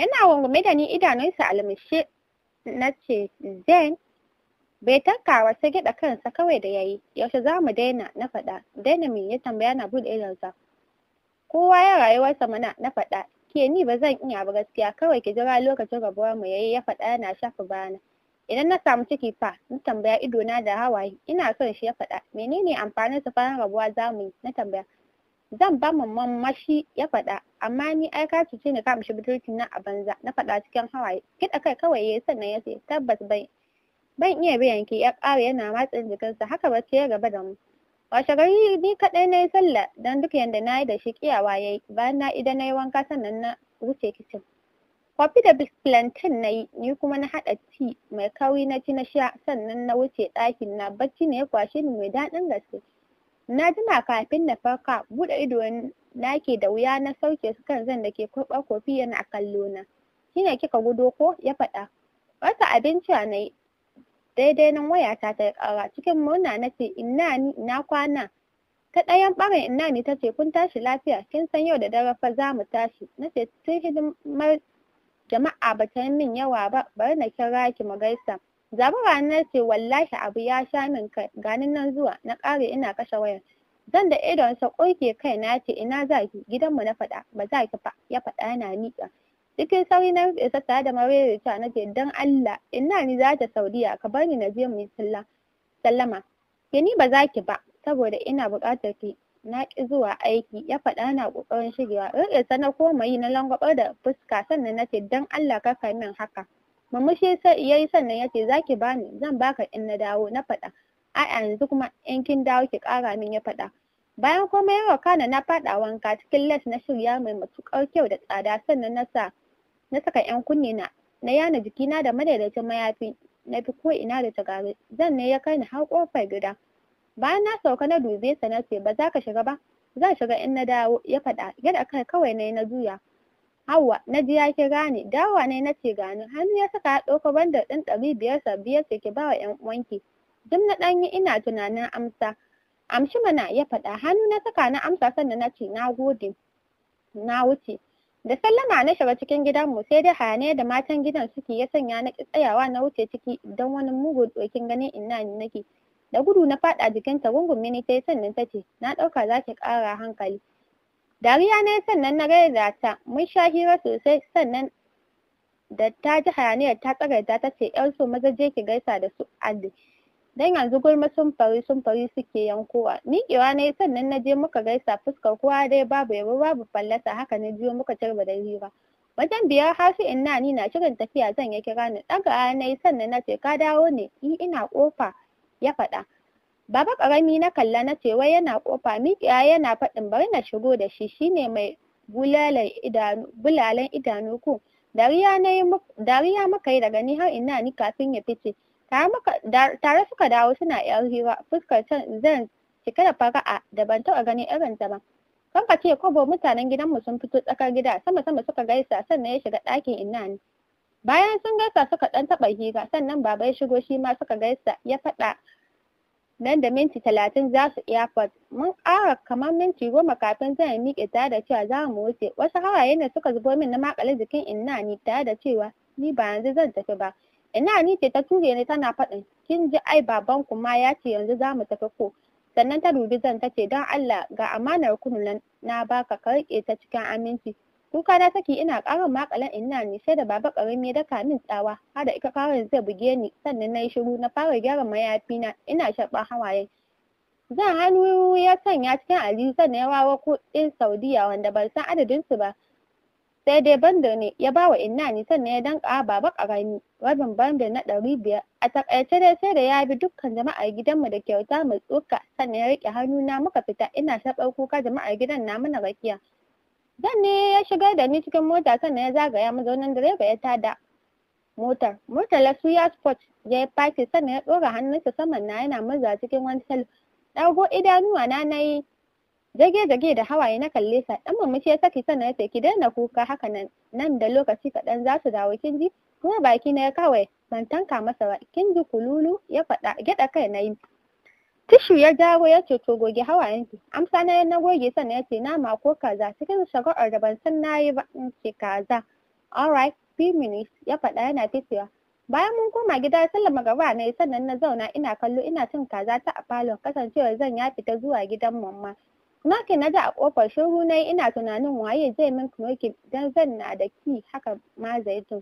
yana wangume da ni idanunsa almishe na ce zen bai tankawa sai gyaɗa kansa kawai da yayi yaushe za mu daina na faɗa daina me ya tambaya na buɗe idonsa kowa ya rayuwarsa mana na faɗa ke ni ba zan iya ba gaskiya kawai ki jira lokacin rabuwar mu yayi ya faɗa yana shafa bana. idan na samu ciki fa na tambaya idona da hawaye ina son shi ya faɗa menene amfanin su bayan rabuwa zamu yi na tambaya zan ba mamman mamashi ya faɗa amma ni ai ka ce ni ka mishi budurcin nan a banza na faɗa cikin hawaye kiɗa kai kawai yayi sannan ya ce tabbas bai. ban iya biyan ki ya ƙara yana matsin jikinsa haka ba ce ya gaba da mu washe gari ni kaɗai na yi sallah don duk yanda na yi da shi kiyawa ya yi bayan na idan na yi wanka sannan na wuce kicin kofi da plantain na yi ni kuma na haɗa ci mai kauri na ci na sha sannan na wuce ɗakin na bacci ne ya kwashe ni mai daɗin gaske na jima kafin na farka buɗe ido na ke da wuya na sauke su kan zan da ke kurɓar kofi yana kallo na ne kika gudo ko ya faɗa wata abinci a nai daidai nan wayata ta ƙara cikin murna na ce ina ni ina kwana ta ɗayan ɓarin ina ni ta ce kun tashi lafiya kin san yau da dare fa za mu tashi na ce tun hidimar jama'a ba ta min yawa ba bari na kira ki mu gaisa zabura na ce wallahi abu ya sha min kai ganin nan zuwa na ƙare ina kashe wayar zan da sa ƙoke kai na ce ina za gidanmu na faɗa ba za ki fa ya faɗa na miƙa cikin sauri na rufe sa tare da ta na ce don Allah ina ni za ta saudiya ka bar na je mu sallama ke ni ba za ki ba saboda ina buƙatar ki na ƙi zuwa aiki ya faɗa na ƙoƙarin shigewa rufe na koma yi na langwabar da fuska sannan na ce don Allah ka min haka murmushi ya yayi sannan yace zaki bani zan baka in na dawo na fada? a yanzu kuma in kin dawo ki kara min ya fada? bayan komai yawa kana na fada wanka cikin les na shirya mai matuƙar kyau da tsada sannan na sa na saka yan kunne na na yana jikina da madaidaicin mayafi na fi ko ina da tagare zan ne ya kai ni har kofar gida bayan na sauka na dube sa na ce ba za ka shiga ba zan shiga in na dawo ya fada? yadda kai kawai na na juya Hauwa, na ji ya kira ni, dawa ne na ce gani, hannu ya saka ya ɗauko bandar ɗin ɗari biyar sa biyar ce ki ba wa ‘yan uwanki. Jim na ɗanyi ina tunanin amsa. Amshi mana ya faɗa, hannu na saka na amsa sannan na ce na gode. Na wuce. Da sallama na shiga cikin gidanmu sai dai hayane da matan gidan suke ya sanya na tsayawa na wuce ciki don wani mugun ɗokin ganin ina ni nake. Da gudu na faɗa jikinta gungun mini ta yi sannan ta ce, na ɗauka za ki ƙara hankali. Dariya ne sannan na da ta, mun sha hira sosai sannan da ta ji hayaniyar ta tsagaita ta ce 'yansu maza je ki gaisa da su Ali. Dan yanzu gulma sun fari sun fari suke yankowa. Miƙewa ne sannan na je muka gaisa fuskar kowa dai babu yabo babu fallasa haka na biyo muka tarba da hira. Wajen biyar in inna ni na shirin tafiya zan ya kira ni ɗaga na yi sannan na ce ka dawo ne i ina kofa ya faɗa. Baba ƙarami na kalla na ce yana ƙofa miƙiya yana faɗin bari na shigo da shi shine mai bulalan idanu bulalan idanu ku dariya muka yi daga ni har ina ni kafin ya fice tare suka dawo suna yar hira fuskar can zan cike da fara'a da ban taɓa ganin irin ta ba ka ce kobo mutanen gidanmu sun fito tsakar gida sama sama suka gaisa sannan ya shiga ɗakin ina ni bayan sun gaisa suka ɗan taɓa hira sannan baba ya shigo shi ma suka gaisa ya faɗa nan da minti talatin za su iya airport mun ƙara kamar minti goma kafin zan miƙe tare da cewa za mu wuce wasu hawaye ne suka zubo min na makale jikin ina ni tare da cewa ni ba yanzu zan tafi ba ina ni ce ta ture ni tana faɗin kin ji ai baban ku ma ya ce yanzu za mu tafi ko sannan ta dubi zan ta ce don Allah ga amanar kunu na baka ka riƙe ta cikin aminci kuka na take ina karin makalan ina ne sai da baba ƙarami ya daka min tsawa har da ika ƙarin zai buge ni sannan na yi shiru na fara gyara mayafi na ina shaɓa hawaye zan hannu ya sanya cikin aliyu sannan ya wawo kuɗin saudiya wanda ban san adadin su ba sai dai bandar ne ya bawa inna ni sannan ya danka baba ƙarami rabin bandar na ɗari biyar a takaice dai sai da ya bi dukkan jama'ar gidanmu da kyauta mai tsoka sannan ya riƙe hannuna muka fita ina shaɓar kuka jama'ar gidan na mana rakiya Dan ne ya shigar da ni cikin mota sannan ya zagaya mazaunin direba ya tada mota. Murtala suya sport ya yi faki sannan ya ɗora hannunsa saman na yana murza cikin wani salo. Ɗago idanuwa na na yi jage-jage da hawaye na kalle sa. Ɗan mamaci ya saki sannan ya ce ki daina kuka haka nan nan da lokaci kaɗan za su dawo kin ji. Kuma baki na ya kawai ban tanka masa ba. Kin ji kululu ya faɗa gyaɗa kai na yi. Tishu ya jawo ya ce to goge hawayenki. Amsa na na goge sannan ya ce nama ko kaza cikin shagar da ban san na yi ba in ce kaza. Alright, few minutes ya faɗa yana fitewa. Bayan mun koma gida sallama gaba na yi sannan na zauna ina kallo ina cin kaza ta a falon kasancewar zan ya fita zuwa gidan mamma. Knoki na ji a kofar shiru na yi ina tunanin waye zai min knoki don zan na da ki haka ma zaitun.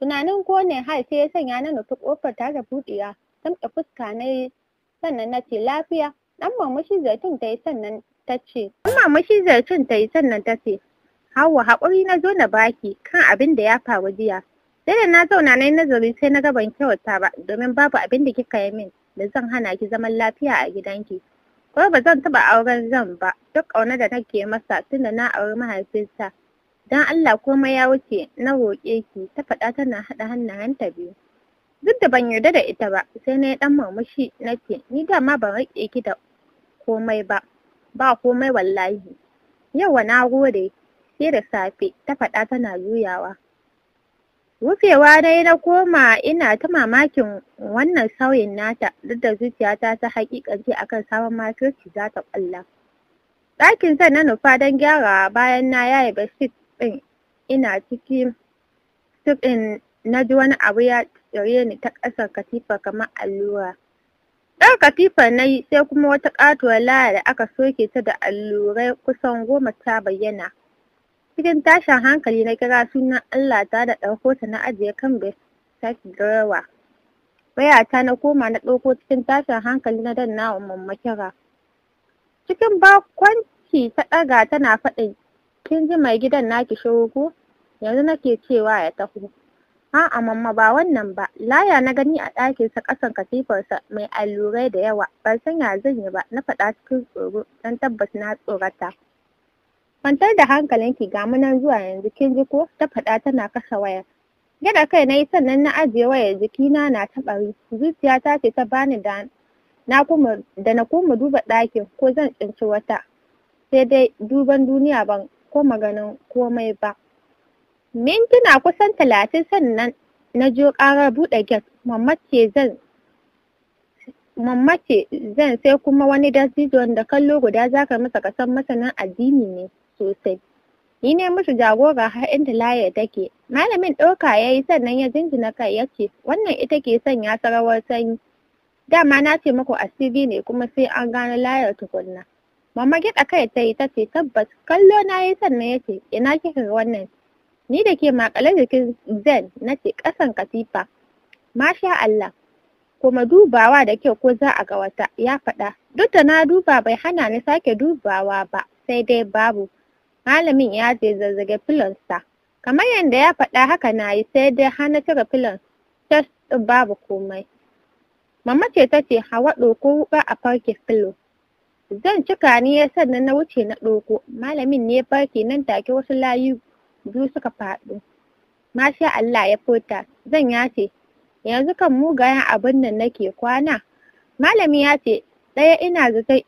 Tunanin ko ne har sai ya sanya na nufi kofar tare da buɗewa. Tamke fuska na yi sannan na ce lafiya dan mamashi zaitun ta yi sannan ta ce dan mamashi zaitun ta yi sannan ta ce hawa haƙuri na zo na baki kan abin da ya faru jiya sai da na zauna na yi nazari sai na gaban kyauta ba domin babu abin da kika yi min da zan hana ki zaman lafiya a gidanki ko ba zan taba auren zan ba duk auna da nake masa tun da na auri mahaifinsa don Allah komai ya wuce na roƙe ki ta faɗa tana haɗa hannayenta biyu duk da ban yarda da ita ba sai na yi ɗan murmushi na ce ni dama ban riƙe ki da komai ba ba komai wallahi Yau wa na gode sai da safe ta faɗa tana juyawa rufewa dai na koma ina ta mamakin wannan sauyin nata duk da zuciyata ta hakikanci akan sabon matoci za ta ƙwalla ɗakin zan na nufa don gyara bayan na yaye bedsheet ɗin ina cikin na ji wani abu ya tsire ni ta ƙasar katifa kamar allura ɗan katifa na yi sai kuma wata ƙatuwar laya da aka soke ta da allurai kusan goma ta bayyana cikin tashin hankali na kira sunan allah ta da ɗauko ta na ajiye kan bai sake garewa ta na koma na ɗauko cikin tashin hankali na dan wa mamma kira cikin bakwanci ta ɗaga tana faɗin kin ji mai gidan naki shiru yanzu nake cewa ya taho A'a mamma ba wannan ba, laya na gani a ɗakin ɗakinsa ƙasan katifarsa mai allurai da yawa, ban san ya zan yi ba, na faɗa cikin tsoro don tabbas na tsorata. Kwantar da hankalinki ga nan zuwa yanzu kin ji ko ta faɗa tana kashe wayar. Gida kai na yi sannan na ajiye wayar jikina na taɓari, zuciyata ce ta bani da na kuma da na kuma duba ɗakin ko zan tsinci wata sai dai duban duniya ban koma ganin komai ba. mintuna kusan talatin sannan na jo ƙarar buɗe gas mamace zan zan sai kuma wani dattijo da kallo guda zaka masa kasan masanan addini ne sosai ni ne musu jagora har inda laye take malamin ɗauka ya yi sannan ya jinjina kai ya ce wannan ita ke sanya sarawar sanyi dama na ce muku asiri ne kuma sai an gano layar tukunna mamma gyaɗa kai ta yi ta ce tabbas kallo na yi sannan ya ce ina kika ga wannan ni da ke makale jikin zen na ce ƙasan katifa masha Allah kuma dubawa da kyau ko za a ga wata ya faɗa duk da na duba bai hana ni sake dubawa ba sai dai babu malamin ya je zazzage filonsa kamar yadda ya faɗa haka na yi sai dai hana cire filon tas ɗin babu komai mama ce ta ce hawa ɗoko ba a farke filo zan cika ni ya sannan na wuce na ɗoko malamin ne farke nan take wasu layu biyu suka faɗo masha Allah ya furta zan yace yanzu kan mugayen abin nan nake kwana malami ya ce ɗaya ina zaton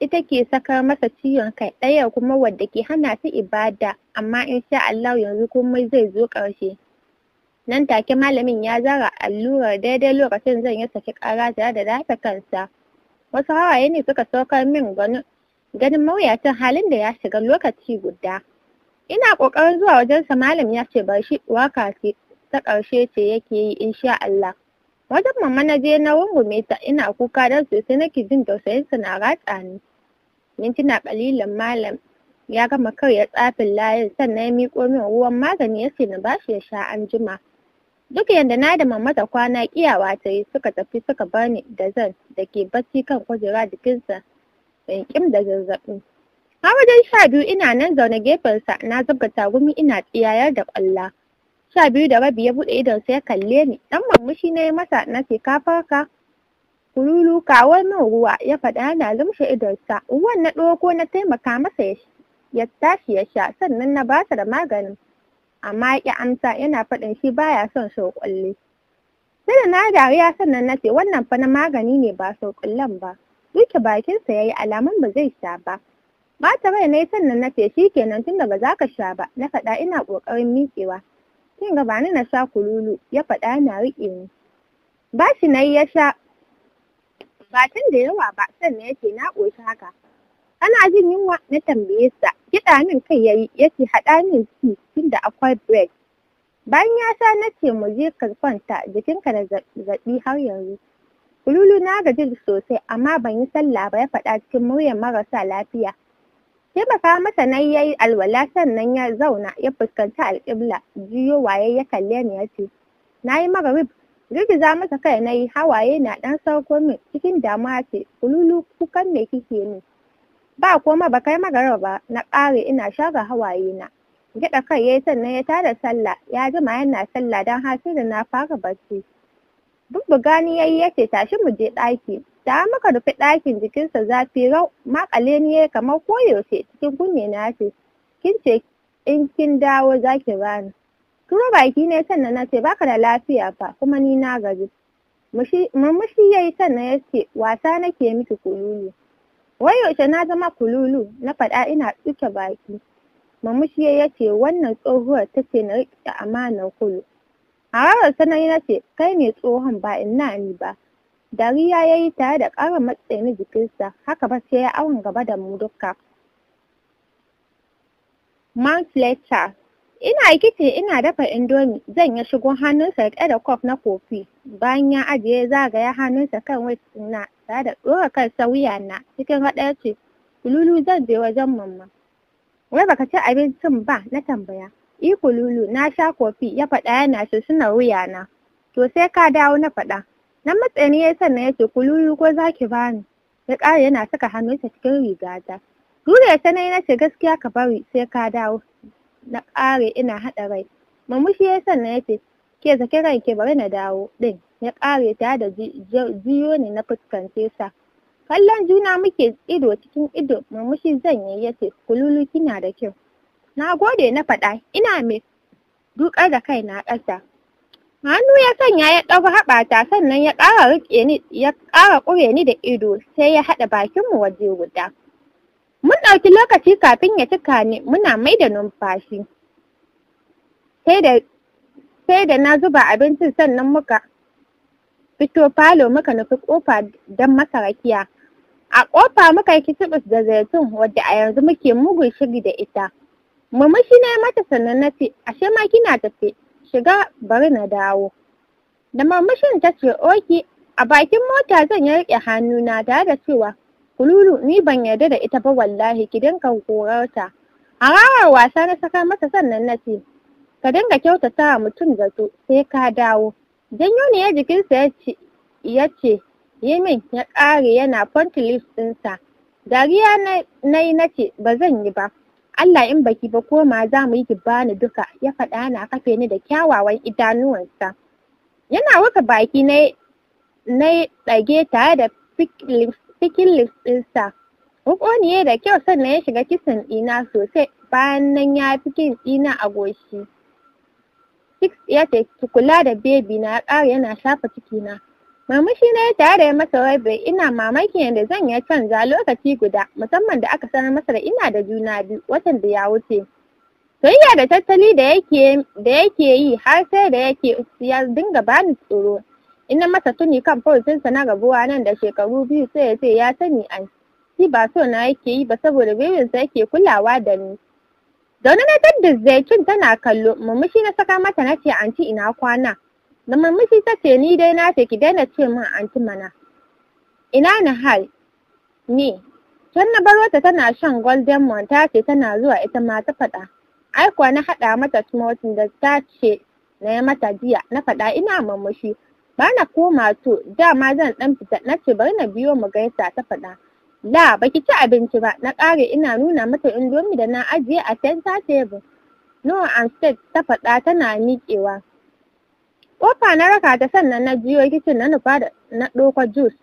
ita ke sakar masa ciwon kai ɗaya kuma wadda ke hana su ibada amma in sha Allah yanzu kuma zai zo ƙarshe nan take malamin ya zara allurar daidai lokacin zan yi saki ƙara tare da dafa kansa wasu hawaye ne suka saukar min ganin mawuyacin halin da ya shiga lokaci guda ina ƙoƙarin zuwa wajensa malam ya ce bar shi waka ce ta karshe ce yake yi insha Allah wajen mamma na je na rungume ta ina kuka don sosai nake jin tausayinsa na ratsa ni mintuna kalilan malam ya gama karya tsafin layin sannan ya miƙo min ruwan magani ya ce na bashi ya sha an jima duk yadda na da mamata kwana kiyawa ta yi suka tafi suka bani da zan da ke bacci kan kujera jikinsa in kim da zazzabin. Har wajen sha biyu ina nan zaune gefensa na zuba tagumi ina tsiyayar da kwalla Sha biyu da rabi ya buɗe idonsa ya kalle ni, ɗan mamushi na yi masa na ce ka farka. Kululu kawo min ruwa ya faɗa yana lumshe idonsa, ruwan na ɗoko na taimaka masa ya tashi ya sha sannan na basa da maganin. Amma ya amsa yana faɗin shi baya son kwalle Sai da na dariya sannan na ce wannan fa na magani ne ba kullan ba. Duke bakinsa ya yi alamun ba zai sha ba. ba ta rai na yi sannan na ce shi kenan tunda ba za ka sha ba na faɗa ina ƙoƙarin miƙewa kin ga ni na sha kululu ya faɗa yana riƙe ni ba shi na yi ya sha ba tun da yawa ba sannan ya ce na ƙoshi haka ana jin yunwa na tambaye sa kiɗa min kai yayi ce haɗa min ci tunda akwai bread bayan ya sha na ce mu je ka kwanta jikinka da zaɓi har yanzu kululu na gaji sosai amma ban yi sallah ba ya faɗa cikin muryar marasa lafiya taimaka masa nan ya yi alwala sannan ya zauna ya fuskanci alƙibla jiyo waye ya kalle ni ya ce na yi magarib girgiza masa kai na yi hawaye na ɗan sauko min cikin damuwa ce kululu kukan me kike ni ba koma ba kai magarib ba na ƙare ina shaga hawaye na gyaɗa kai ya yi sannan ya tada sallah ya jima yana sallah don hasiri na fara barci bubbuga ni ya yi ya ce tashi mu je ɗaki da maka rufe ɗakin jikinsa zafi rau makale ni ya kamar koyaushe cikin kunne na ce kin ce in kin dawo za ki bani turo baki ne sannan na ce baka da lafiya fa kuma ni na gaji murmushi ya yi sannan ya ce wasa nake miki kululu Wayaushe na zama kululu na faɗa ina tsuke baki murmushi ya ce wannan tsohuwar ta ce na riƙe amanar kulu a rarar sanayi na ce kai ne tsohon ba ina ni ba dariya ya yi tare da ƙara matsayin jikinsa haka ba sai ya awon gaba da mu duka Mark Fletcher ina kici ina dafa indomi zan ya shigo hannunsa riƙe da kof na kofi bayan ya ajiye zagaya hannunsa kan waist na tare da ɗora kansa wuya na cikin haɗaya ce kululu zan je wajen mamma wai baka ci abincin ba na tambaya i kululu na sha kofi ya faɗa yana shi suna wuya na to sai ka dawo na faɗa Na matsayi ya sanna ya ce kululu ko za bani ya ƙara yana saka hannunsa cikin rigata dole ta nai na ce gaskiya ka bari sai ka dawo na ƙare ina haɗa rai mamushi ya sanna ya ce ke zake rai ke bari na dawo ɗin ya ƙare ta da jiyo ne na fuskance sa kallon juna muke ido cikin ido murmushi zan yi ya ce kululu kina da kyau na gode na faɗa ina mai dukar da kai na ƙasa hannu ya sanya ya haɓa haɓata sannan ya ƙara riƙe ni ya ƙara ƙure ni da ido sai ya haɗa bakinmu waje guda mun ɗauki lokaci kafin ya cika ni muna mai da numfashi sai da sai da na zuba abincin sannan muka fito falo muka nufi ƙofa don masa a ƙofa muka yi kitibis da zaitun wadda a yanzu muke mugun shiri da ita murmushi na mata sannan na ce ashe ma kina tafe shiga bari na dawo. Da murmushin ta ce oke a bakin mota zan ya riƙe hannuna tare da cewa kululu ni ban yarda da ita ba wallahi ki dinka horarta. Hararar wasa na saka masa sannan na ce ka dinga kyautata wa mutum da zato sai ka dawo. Janyo ne ya jikinsa ya ce min ya ƙare yana pontilis ɗinsa. Dariya na yi na ce ba zan yi ba. Allah in baki ba koma za mu yi ki bani duka ya faɗa na kafe ni da kyawawan idanuwansa yana waka baki na na ɗage tare da fikin lips ɗinsa ne da kyau sannan ya shiga kisan ɗina sosai bayan nan ya fi kin ɗina a goshi Six ya ce kula da bebi na ya ƙara yana shafa cikina. Murmushi na ya tare ya masa bai ina mamakin yadda zan ya canza lokaci guda musamman da aka sanar masa da ina da juna biyu watan da ya wuce. Soyayya da tattali da yake yi har sai da yake ya dinga bani tsoro. Ina masa tuni kan furtinsa na gabuwa nan da shekaru biyu sai ya ce ya sani an shi ba so na yake yi ba saboda bebinsa yake kulawa da ni. Zaune na tadda zaitun tana kallo murmushi na saka mata na ce an ci ina kwana. da murmushi ta ce ni dai na ce ki daina ce min anti mana ina na hal ni can na barota tana shan golden moon ta ce tana zuwa ita ma ta faɗa ai kuwa na haɗa mata smoking da ta ce na yi mata jiya na faɗa ina murmushi ba na koma to dama zan ɗan fita na ce bari na biyo mu gaisa ta faɗa la baki ci abinci ba na ƙare ina nuna mata indomi da na ajiye a center table no and ta faɗa tana miƙewa Kofa na raka ta sannan na jiyo kicin na nufa da na ɗoko jus.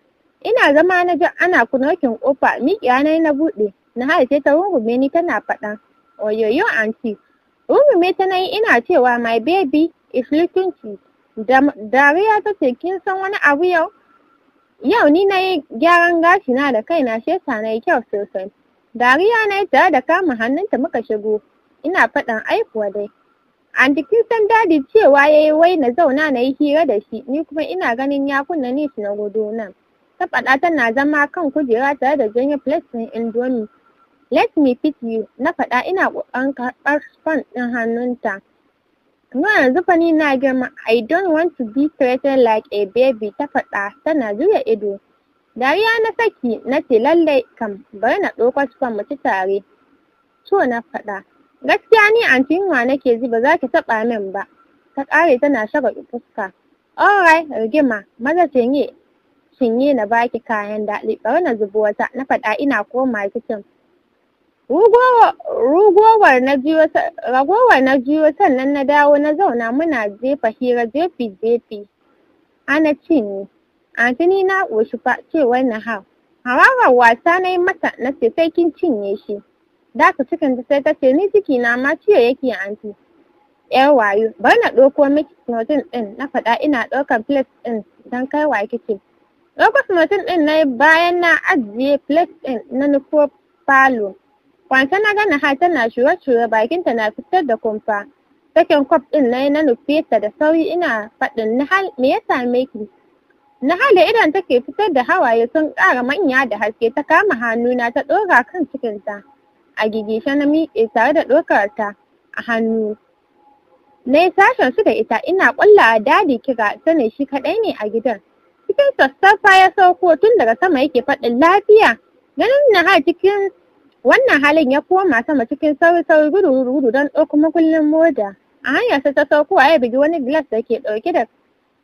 Ina zama na ji ana kunokin kofa miƙiya na na buɗe na haife ta rungume ni tana faɗan. Oyoyo anti. Rungume ta na yi ina cewa my baby is looking to Dariya ta ce kin san wani abu yau? Yau ni na yi gyaran gashina da kaina shi yasa na yi kyau sosai. Dariya na yi tare da kama hannunta muka shigo. Ina faɗin aikuwa dai. Anti kin san dadi cewa ya yi wai na zauna na yi hira da shi, ni kuma ina ganin ya kunna ni na gudu nan. Ta faɗa tana zama kan kujera tare da janyo plate ɗin indomi. Let me fit you, na faɗa ina ƙoƙarin karɓar span ɗin hannunta. Kuma yanzu fa ni na girma, I don't want to be treated like a baby, ta faɗa tana juya ido. Dariya na saki na ce lallai kam bari na ɗauko span mu ci tare. So na faɗa. Gaskiya ni anti yunwa nake ji ba za ki taɓa min ba. Ta ƙare tana shaga fuska. Alright, rigima, maza cinye, cinye na baki kayan daɗi, bari na zubo wata, na faɗa ina koma kicin. Rugowar na ragowar na jiyo sannan na dawo na zauna muna jefa hira jefi jefi. Ana cinye. Anti ni na ƙoshi fa ce wannan hau. Hararar wasa na yi mata na ce, sai kin cinye shi. da ka cikin sai ta ce ni ciki na ma ciye yake anti yar wayo bar na ɗauko miki smotin ɗin na faɗa ina ɗaukar plate ɗin don kai wa kike ɗauko smotin ɗin na bayan na ajiye plate ɗin na nufo falo kwanta na gana ha tana shuwa bakin bakinta na fitar da kumfa sakin kwaf ɗin na na nufe ta da sauri ina faɗin hal me ya same ki hali idan take fitar da hawaye sun ƙara manya da haske ta kama hannuna ta ɗora kan cikinta. a gigishe na miƙe tare da ɗaukar ta a hannu na yi sashen su da ita ina ƙulla a dadi kira sani shi kaɗai ne a gidan cikin sassafa ya sauko tun daga sama yake faɗin lafiya ganin na cikin wannan halin ya koma sama cikin sauri sauri gudu gudu don ɗauko makullin moda a hanyar sa ta sauko ya bugi wani glass da ke ɗauke da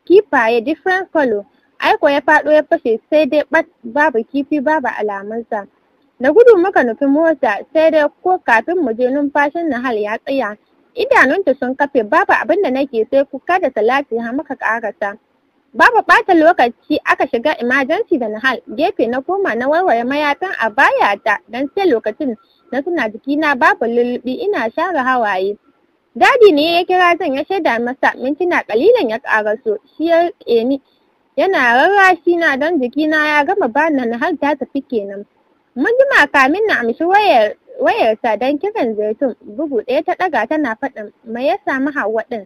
kifaye different color aiko ya faɗo ya fashe sai dai babu kifi babu alamunsa Na gudu maka nufi mota sai dai ko kafin mu je numfashin Nahal ya tsaya. Idanunta sun kafe babu abin da nake sai ku da salati ha muka karasa. Babu ɓata lokaci aka shiga emergency da Nahal gefe na koma na warware mayatan a baya ta don sai lokacin na suna jikina babu lullubi ina share hawaye. Dadi ne ya kira zan ya shaida masa mintuna kalilan ya karaso shi ya ni yana rarrashi na don jikina ya gama bani Nahal ta tafi kenan. Mun jima kamin na amshi wayar wayarta don kiran zaitun bugu ɗaya ta ɗaga tana faɗin mai ya samu hawa ɗin.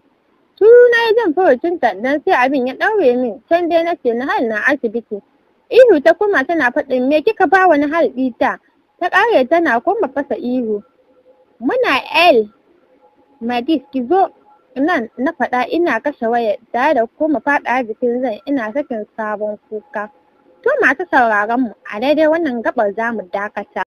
tuna na yi furucin don sai abin ya ɗaure min can dai na ce hal na asibiti. Ihu ta kuma tana faɗin me kika ba wani hal ta? Ta ƙare tana kuma fasa ihu. Muna El Madis ki zo nan na faɗa ina kashe wayar da kuma faɗa jikin zan ina sakin sabon kuka. To masu sauraron mu a daidai wannan gabar za mu dakata.